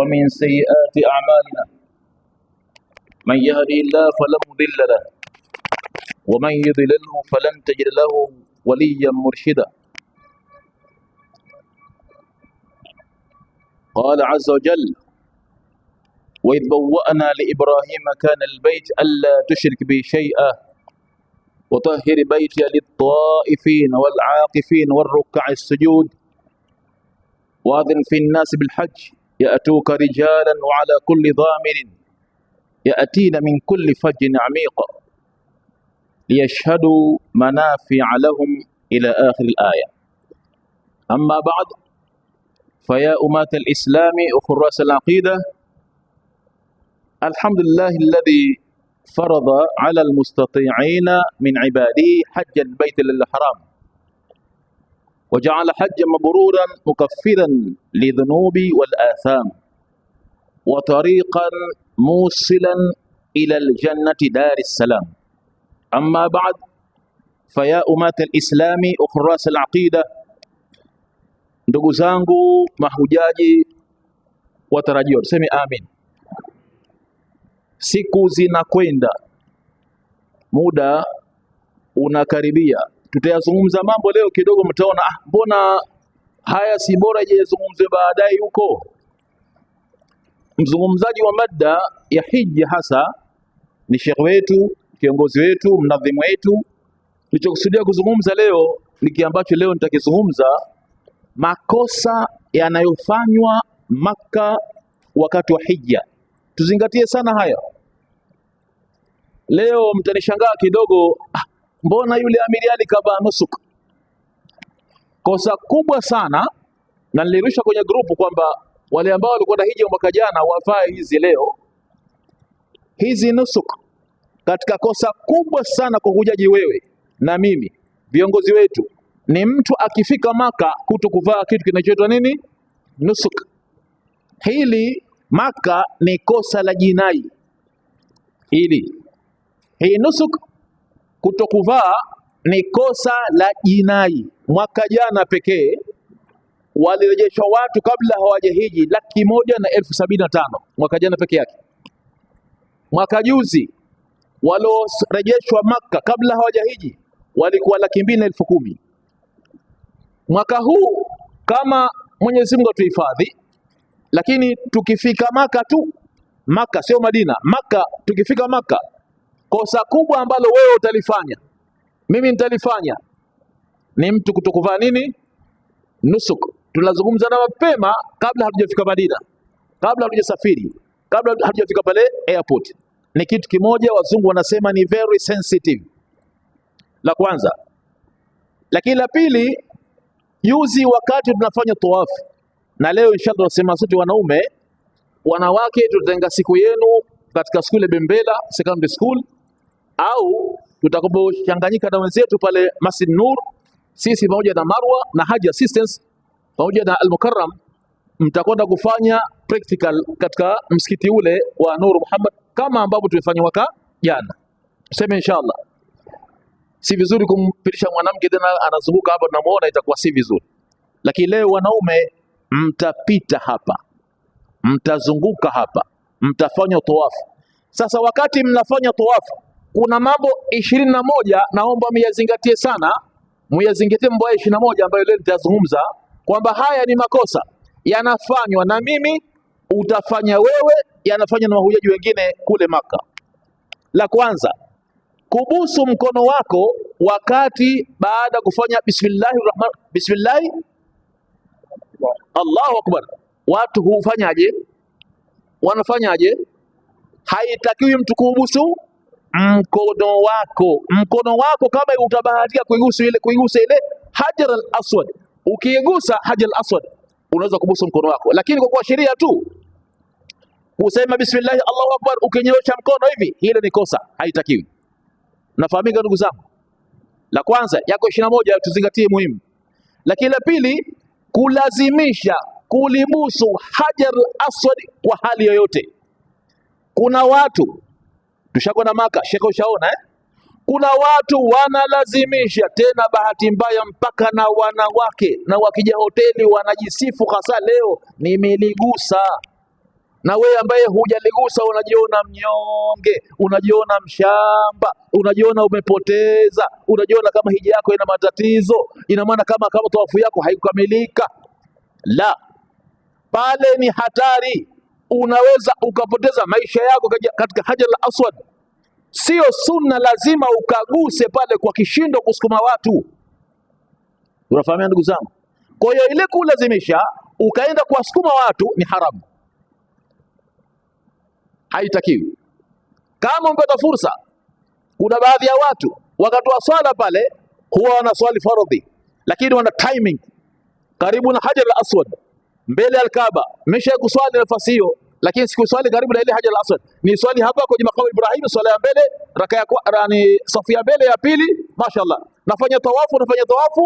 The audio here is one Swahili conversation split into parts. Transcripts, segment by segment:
ومن سيئات أعمالنا من يهدي الله فلا مضل له ومن يضلله فلن تجد له وليا مرشدا قال عز وجل وإذ بوأنا لإبراهيم كان البيت ألا تشرك بي شيئا وطهر بيتي للطائفين والعاقفين والركع السجود وأذن في الناس بالحج يأتوك رجالا وعلى كل ضامر يأتين من كل فج عميق ليشهدوا منافع لهم إلى آخر الآية أما بعد فيا أمة الإسلام وخراس العقيدة الحمد لله الذي فرض على المستطيعين من عباده حج البيت للحرام وجعل حج مبرورا مكفرا لذنوب والآثام وطريقا موصلا إلى الجنة دار السلام أما بعد فيا أمة الإسلام أخراس العقيدة ndugu zangu mahujaji watarajiwa, tuseme amin. Siku zinakwenda, muda unakaribia. Tutayazungumza mambo leo kidogo, mtaona ah, mbona haya si bora je yazungumze baadaye huko. Mzungumzaji wa mada ya hija hasa ni Sheikh wetu, kiongozi wetu, mnadhimu wetu. Tulichokusudia kuzungumza leo ni kile ambacho leo nitakizungumza, makosa yanayofanywa Makka wakati wa hija. Tuzingatie sana haya. Leo mtanishangaa kidogo ah, Mbona yule amiri Ali kabaa nusuk? Kosa kubwa sana, na nilirusha kwenye grupu kwamba wale ambao walikuwa na hija mwaka jana wafae hizi leo hizi nusuk. Katika kosa kubwa sana kwa hujaji wewe na mimi, viongozi wetu, ni mtu akifika Maka kuto kuvaa kitu kinachoitwa nini, nusuk. Hili Maka ni kosa la jinai hili, hii nusuk Kutokuvaa ni kosa la jinai. Mwaka jana pekee walirejeshwa watu kabla hawajahiji laki moja na elfu sabini na tano mwaka jana peke yake. Mwaka juzi waliorejeshwa Makka kabla hawajahiji walikuwa laki mbili na elfu kumi. Mwaka huu kama Mwenyezi Mungu atuhifadhi, lakini tukifika Maka tu, Maka sio Madina, Maka tukifika Maka Kosa kubwa ambalo wewe utalifanya, mimi nitalifanya, ni mtu kutokuvaa nini nusuk. Tunazungumza na mapema kabla hatujafika Madina, kabla hatujasafiri, kabla hatujafika pale airport. Ni kitu kimoja wazungu wanasema ni very sensitive, la kwanza. Lakini la pili, juzi wakati tunafanya tawafu, na leo inshallah tunasema sote wanaume, wanawake, tutatenga siku yenu katika skule Bembela Secondary School au tutakapochanganyika na wenzetu pale Masjid Nur, sisi pamoja na Marwa na Haji Assistance pamoja na Al-Mukarram, mtakwenda kufanya practical katika msikiti ule wa Nur Muhammad kama ambavyo tumefanya mwaka jana. Tuseme inshallah, si vizuri kumpitisha mwanamke tena anazunguka hapa, tunamuona, itakuwa si vizuri. Lakini leo wanaume, mtapita hapa, mtazunguka hapa, mtafanya tawafu. Sasa wakati mnafanya tawafu kuna mambo ishirini na moja naomba myazingatie sana, muyazingatie mambo ishirini na moja ambayo leo nitazungumza kwamba haya ni makosa yanafanywa na mimi, utafanya wewe, yanafanywa na mahujaji wengine kule Maka. La kwanza, kubusu mkono wako wakati baada ya kufanya bismillahi rahman bismillahi Allahu akbar. Watu hufanyaje? Wanafanyaje? haitakiwi mtu kubusu mkono wako, mkono wako kama utabahatika kuigusa ile kuigusa ile hajar al-aswad, ukiigusa hajar al-aswad unaweza kubusa mkono wako, lakini kwa kuashiria tu usema bismillah Allahu akbar, ukinyosha mkono hivi, ile ni kosa, haitakiwi. Nafahamika ndugu zangu, la kwanza yako 21 tuzingatie muhimu, lakini la pili kulazimisha kulibusu hajar aswad kwa hali yoyote. Kuna watu na Maka shekhe, ushaona eh? Kuna watu wanalazimisha tena, bahati mbaya mpaka na wanawake, na wakija hoteli wanajisifu, hasa leo nimeligusa. Na wewe ambaye hujaligusa unajiona mnyonge, unajiona mshamba, unajiona umepoteza, unajiona kama hija yako ina matatizo, ina maana kama kama tawafu yako haikukamilika. La, pale ni hatari unaweza ukapoteza maisha yako katika Hajar al Aswad. Sio sunna, lazima ukaguse pale kwa kishindo kusukuma watu. Unafahamia ndugu zangu? Kwa hiyo ile kulazimisha ukaenda kuwasukuma watu ni haramu, haitakiwi. Kama umepata fursa, kuna baadhi ya watu wakatoa swala pale, huwa wanaswali fardhi lakini wana timing karibu na Hajar al Aswad mbele ya Alkaba, mesha kuswali nafasi hiyo, lakini sikuswali karibu na ile haja la aswad ni swali hapa kwenye makamu Ibrahim, swala ya mbele, raka ya rani safu ya mbele ya pili. Mashaallah, nafanya tawafu, nafanya tawafu,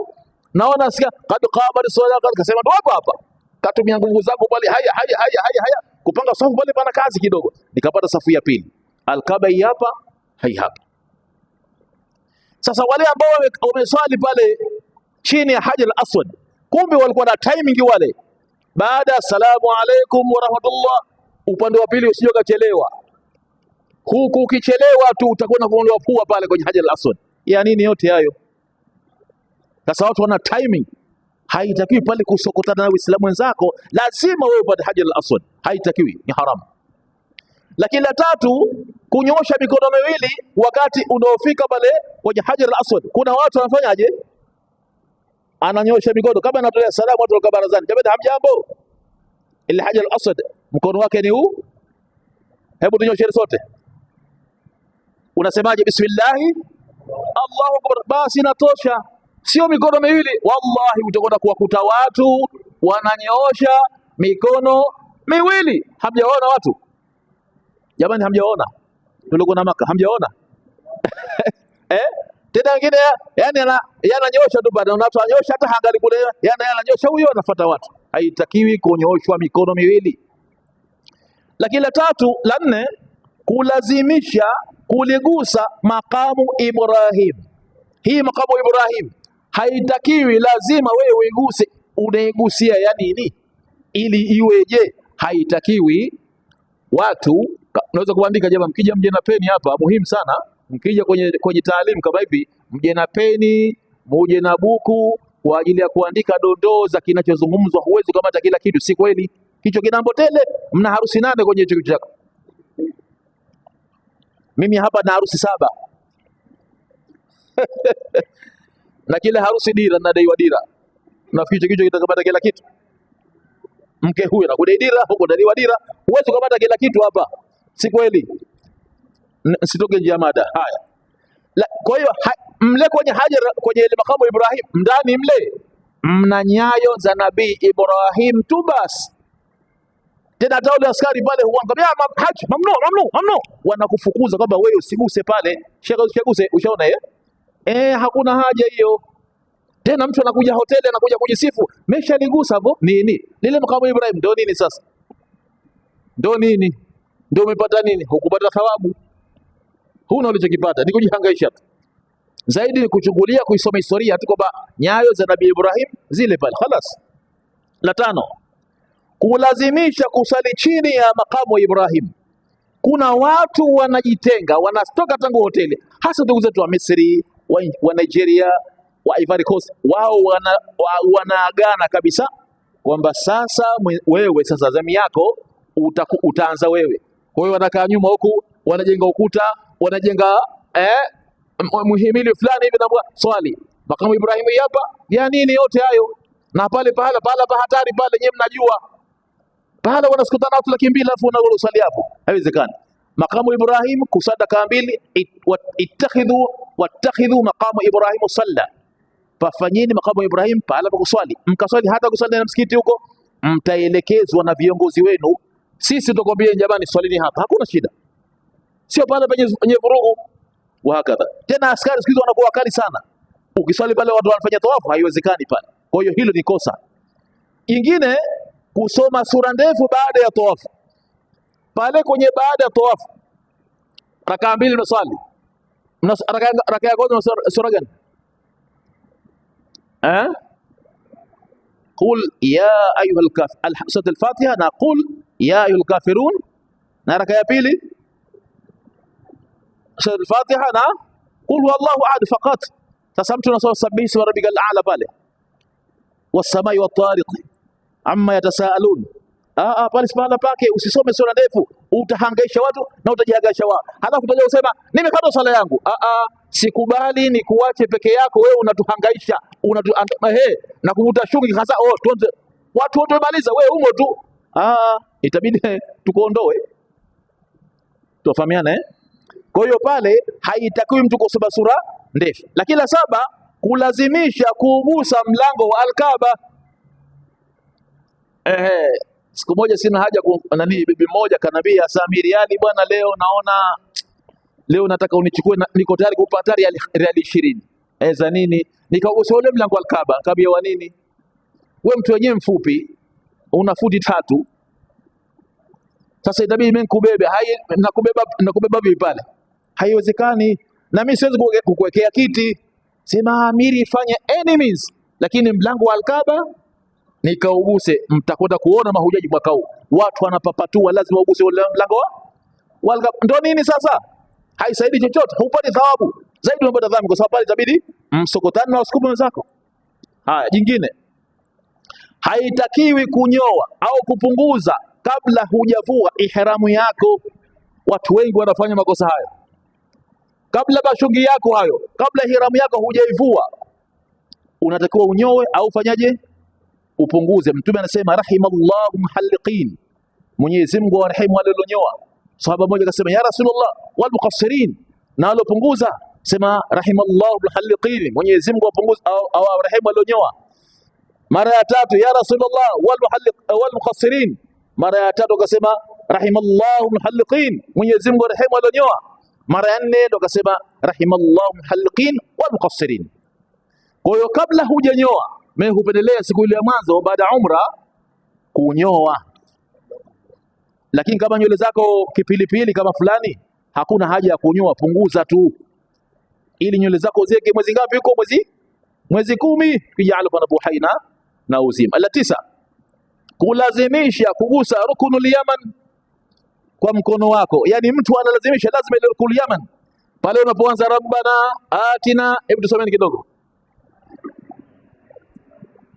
naona sika kad qama swala, kad kasema ndo hapa hapa, katumia nguvu zangu bali haya haya haya haya haya, kupanga safu pale pana kazi kidogo, nikapata safu ya pili. Alkaba hii hapa, hai hapa. Sasa wale ambao wameswali pale chini ya Hajar al-Aswad, kumbe walikuwa na timing wale baada ya salamu alaikum warahmatullah, upande wa pili usije ukachelewa. Huku ukichelewa tu utakuwa na kuondoa pua pale kwenye Hajar al-Aswad. Ya nini yote hayo? Sasa watu wana timing, haitakiwi pale kusokotana na Uislamu wenzako, lazima wewe upate Hajar al-Aswad, haitakiwi, ni haramu. Lakini la tatu, kunyosha mikono miwili wakati unaofika pale kwenye Hajar al-Aswad. Kuna watu wanafanyaje? ananyosha mikono kama anatolea salamu watu walikuwa barazani, jamani, hamjambo. Ila haja al mkono wake ni huu, hebu tunyoshe sote. Unasemaje? Bismillahi, Allahu akbar, basi natosha, sio mikono miwili. Wallahi utakwenda kuwakuta watu wananyosha mikono miwili. Hamjaona watu jamani? Hamjaona tulikuwa na Maka, hamjaona eh tena wengine yani yananyosha tu bado, unatanyosha hata hangali kule, yani yananyosha huyo anafuata watu. Haitakiwi kunyoshwa mikono miwili. Lakini la tatu, la nne, kulazimisha kuligusa makamu Ibrahim. Hii makamu Ibrahim haitakiwi, lazima wewe uiguse. Unaigusia ya nini ili iweje? Haitakiwi watu, unaweza kuandika, jamaa, mkija mje na peni hapa, muhimu sana Mkija kwenye, kwenye taalimu kama hivi, mje na peni, muje na buku kwa ajili ya kuandika dondoo za kinachozungumzwa. Huwezi kukamata kila kitu, si kweli? Kichwa kinambotele, mna harusi nane kwenye hicho kitu chako. Mimi hapa na harusi saba na kila harusi dira nadaiwa dira. Nafikiri kichwa kitakapata kila kitu. Mke huyo anakudai dira, huko nadaiwa dira. Huwezi kukamata kila kitu hapa, si kweli? Sitoke nje ya mada. Haya, kwa hiyo mle kwenye hajar, kwenye ile makamu Ibrahim ndani mle mna nyayo za Nabii Ibrahim tu basi. Tena hata wale askari pale ma, haj mamno mamno mamno, wanakufukuza kwamba wewe usiguse pale, usiguse, Ushaona eh? Eh, hakuna haja hiyo tena. Mtu anakuja hoteli anakuja kujisifu, meshaligusa hapo nini, lile makamu Ibrahim. Ndio nini sasa? Ndio nini? Ndio umepata nini? Hukupata thawabu huna ulichokipata, ni kujihangaisha tu zaidi, ni kuchungulia kuisoma historia tu kwamba nyayo za Nabii Ibrahim zile pale khalas. La tano, kulazimisha kusali chini ya makamu Ibrahim. Kuna watu wanajitenga, wanastoka tangu hoteli, hasa ndugu zetu wa Misri wa, wa Nigeria wa Ivory Coast, wao wanaagana wana kabisa kwamba sasa wewe sasa zamu yako utaanza wewe. Kwa hiyo wanakaa nyuma huku, wanajenga ukuta wanajenga eh, muhimili fulani hivi na swali makamu Ibrahimu hapa ya nini, yote hayo na pale pahala pahala pa hatari pale, nyewe mnajua pahala wanasikutana watu laki mbili alafu wanaona swali hapo, haiwezekani. Makamu Ibrahim kusadaka mbili, itakhidhu wattakhidhu makamu Ibrahim salla, fafanyeni makamu Ibrahim pahala pa kuswali, mkaswali hata kusali na msikiti huko, mtaelekezwa na viongozi wenu. Sisi tukwambia jamani, swalini hapa, hakuna shida sio pale penye vurugu. Wahakadha tena, askari siku hizi wanakuwa wakali sana. Ukiswali pale watu wanafanya tawafu, haiwezekani pale. Kwa hiyo hilo ni kosa ingine. Kusoma sura ndefu baada ya tawafu, pale kwenye baada ya tawafu, rakaa mbili mnaswali, rakaa ya kwanza sura gani? Eh? qul ya ayuha al-kafirun, al-Fatiha na qul ya ayuha al-kafirun, na rakaa ya pili sura Al-Fatiha na qul huwallahu ahad faqat. Sasa mtu anasoma sabihi isma rabbikal a'la pale, was-samai wat tariq amma yatasaalun. Ah, ah, pale sipala pake usisome sura ndefu, utahangaisha watu na utajihangaisha wao. Hata kutaja usema nimekata sala yangu. Ah, ah, sikubali ni kuache peke yako wewe, unatuhangaisha unatu, eh, na kuvuta shughuli hasa. Oh, tuanze watu wote wamaliza wewe umo tu. Ah, ah itabidi tukoondoe tufahamiane eh kwa hiyo pale haitakiwi mtu kusoma sura ndefu. Lakini la saba, kulazimisha kuugusa mlango wa alkaba Ehe, siku moja sina haja nani, bibi moja kanambia, samiriani bwana, leo naona leo nataka unichukue, niko tayari kupa hatari riali ishirini. za nini? nikagusa ule mlango wa Alkaaba. Nikamwambia, wa nini we mtu wenyewe mfupi, una futi tatu, sasa itabidi mimi nikubebe. Hai, nakubeba nakubeba vipi pale haiwezekani. Na mimi siwezi kukuwekea kiti, sema amiri fanya enemies, lakini mlango wa Alkaba nikauguse. Mtakwenda kuona mahujaji mwaka huu watu wanapapatua, lazima uguse ule mlango wa Alkaba. Ndio nini sasa? Haisaidi chochote, hupati thawabu zaidi, umepata dhambi, kwa sababu pale itabidi msokotane na wasukuma wenzako. Haya, jingine haitakiwi kunyoa au kupunguza kabla hujavua ihramu yako. Watu wengi wanafanya makosa hayo kabla bashungi yako hayo, kabla hiramu yako hujaivua, unatakiwa unyoe au fanyaje, upunguze. Mtume anasema rahimallahu muhalliqin, Mwenyezi Mungu warehemu alilonyoa. Sahaba mmoja akasema ya Rasulullah, wal muqassirin, na alopunguza. Sema rahimallahu muhalliqin, Mwenyezi Mungu apunguze au warehemu alilonyoa. Mara ya tatu ya Rasulullah, wal muhalliq wal muqassirin, mara ya tatu akasema rahimallahu muhalliqin, Mwenyezi Mungu warehemu alilonyoa mara ya nne ndo akasema rahimallahu muhalliqin wal muqassirin. Kwa hiyo kabla hujanyoa, mimi hupendelea siku ile ya mwanzo baada ya umra kunyoa, lakini kama nywele zako kipilipili kama fulani, hakuna haja ya kunyoa, punguza tu, ili nywele zako zieke mwezi ngapi huko, mwezi mwezi kumi, Haina na uzima. La tisa, kulazimisha kugusa rukunul yaman kwa mkono wako, yani mtu analazimisha, lazima ile kul yaman pale unapoanza rabbana atina. Hebu tusomeni kidogo,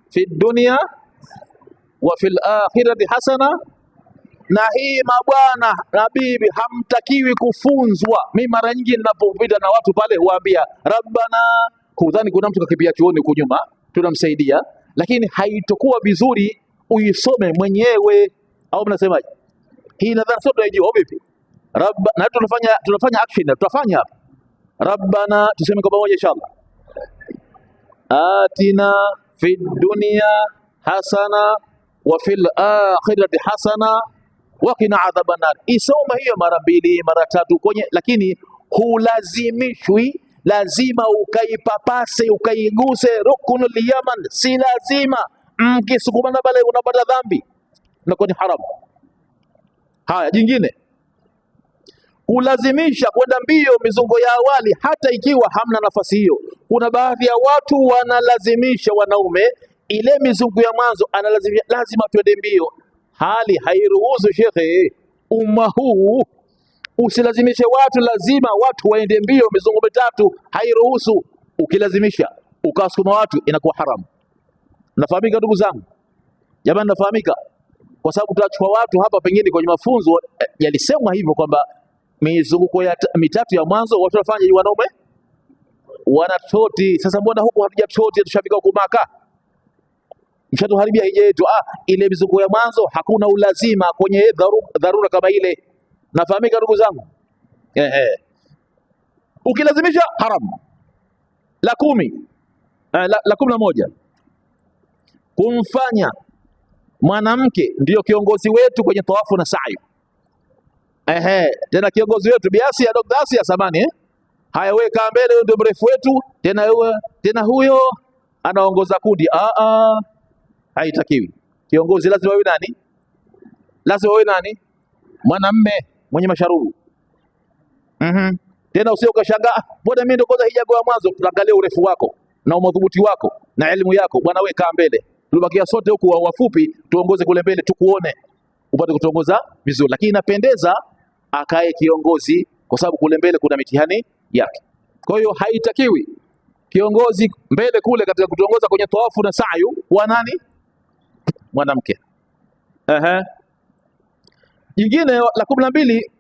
fi dunya wa fil akhirati hasana. Na hii mabwana na bibi, hamtakiwi kufunzwa. Mi mara nyingi ninapopita na watu pale huambia rabbana, hudhani kuna mtu kakibia chuoni huko nyuma, tunamsaidia, lakini haitokuwa vizuri uisome mwenyewe, au mnasemaje? Hii nadhara sote tunajua vipi? Rabba na tunafanya tunafanya action tutafanya hapa. Rabbana tuseme kwa pamoja inshallah. Atina fi dunya hasana wa fil akhirati hasana wa qina adhaban nar. Isoma hiyo mara mbili mara tatu kwenye, lakini hulazimishwi lazima ukaipapase ukaiguse rukunul yaman, si lazima mkisukumana pale unapata dhambi na kwenye haramu Haya, jingine kulazimisha kwenda mbio mizungo ya awali hata ikiwa hamna nafasi hiyo. Kuna baadhi ya watu wanalazimisha wanaume, ile mizungu ya mwanzo analazimisha lazima tuende mbio, hali hairuhusu. Shekhe, umma huu usilazimishe watu, lazima watu waende mbio mizungu mitatu, hairuhusu. Ukilazimisha ukawasukuma watu inakuwa haramu. Nafahamika ndugu zangu, jamani, nafahamika kwa sababu tunachukua watu hapa, pengine kwenye mafunzo eh, yalisemwa hivyo kwamba mizunguko ya mitatu ya mwanzo watu wanafanya wanaume wanatoti. Sasa mbona huku hatujatoti? Tushafika huko Maka, mshatuharibia hija yetu. Ah, ile mizunguko ya mwanzo hakuna ulazima kwenye dharura kama ile. Nafahamika ndugu zangu, ehe, ukilazimisha haram. La kumi eh, la, la kumi na moja kumfanya Mwanamke ndiyo kiongozi wetu kwenye tawafu na sa'i. Ehe, tena kiongozi wetu biasi ya Dr. Asia samani eh? Haya, wewe kaa mbele, ndio mrefu wetu tena, wewe tena, huyo anaongoza kundi. A a, haitakiwi. Kiongozi lazima awe nani? Lazima awe nani? Mwanamme mwenye masharubu. Mhm. Mm, tena usio ukashangaa, ah, mbona mimi ndio kwanza hijagoa mwanzo. Tuangalie urefu wako na umadhubuti wako na elimu yako, bwana, wewe kaa mbele tulibakia sote huku wafupi, tuongoze kule mbele, tukuone upate kutuongoza vizuri, lakini inapendeza akae kiongozi, kwa sababu kule mbele kuna mitihani yake. Kwa hiyo haitakiwi kiongozi mbele kule katika kutuongoza kwenye tawafu na sayu wa nani? Mwanamke. Aha. Jingine la kumi na mbili,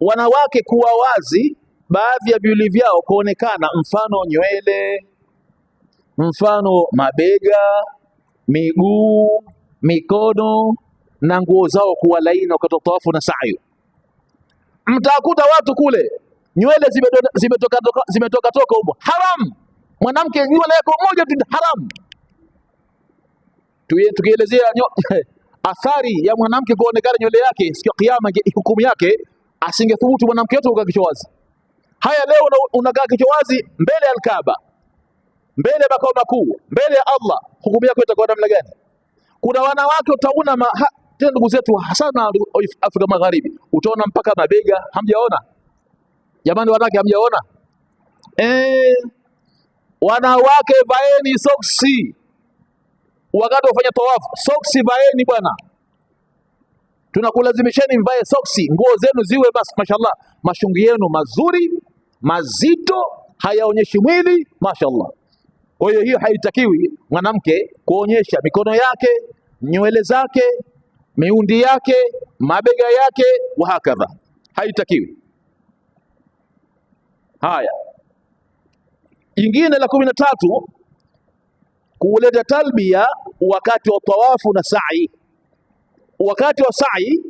wanawake kuwa wazi baadhi ya viwili vyao kuonekana, mfano nywele mfano mabega, miguu, mikono na nguo zao kuwa laini wakati tawafu na sa'i. Mtakuta watu kule nywele zimetoka toka zimetoka toka huko, haram. Mwanamke nywele yako moja tu haram. Tukielezea athari ya mwanamke kuonekana nywele yake siku ya Kiyama, hukumu yake, asingethubutu mwanamke yote kukaa kichwa wazi. Haya, leo unakaa kichwa wazi mbele ya Kaaba mbele ya makao makuu, mbele ya Allah, hukumu yako itakuwa namna gani? Kuna wanawake utaona tena, ndugu zetu, hasana Afrika Magharibi, utaona mpaka mabega. Hamjaona jamani, wanawake, hamjaona eh? Wanawake vaeni soksi wakati wafanya tawafu, soksi vaeni bwana, tunakulazimisheni mvae soksi, nguo zenu ziwe basi, mashallah, mashungi yenu mazuri mazito, hayaonyeshi mwili, mashallah. Kwa hiyo hiyo haitakiwi mwanamke kuonyesha mikono yake, nywele zake, miundi yake, mabega yake, wahakadha, haitakiwi. Haya, jingine la kumi na tatu, kuleta talbia wakati wa tawafu na sa'i. Wakati wa sa'i,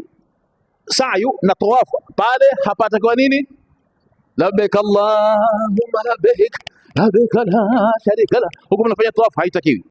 sayu na tawafu, pale hapatakiwa nini? Labbaik Allahumma labbaik Na década, xericana, o como não foi a tua faita aqui.